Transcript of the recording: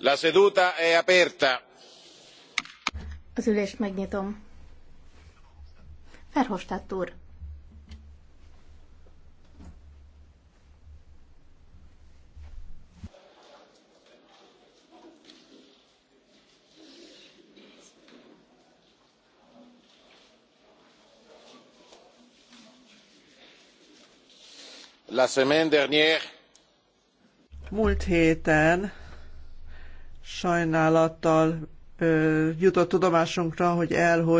Az ülést megnyitom. Verhofstadt úr. La semaine dernière, múlt héten sajnálattal jutott tudomásunkra, hogy elhogy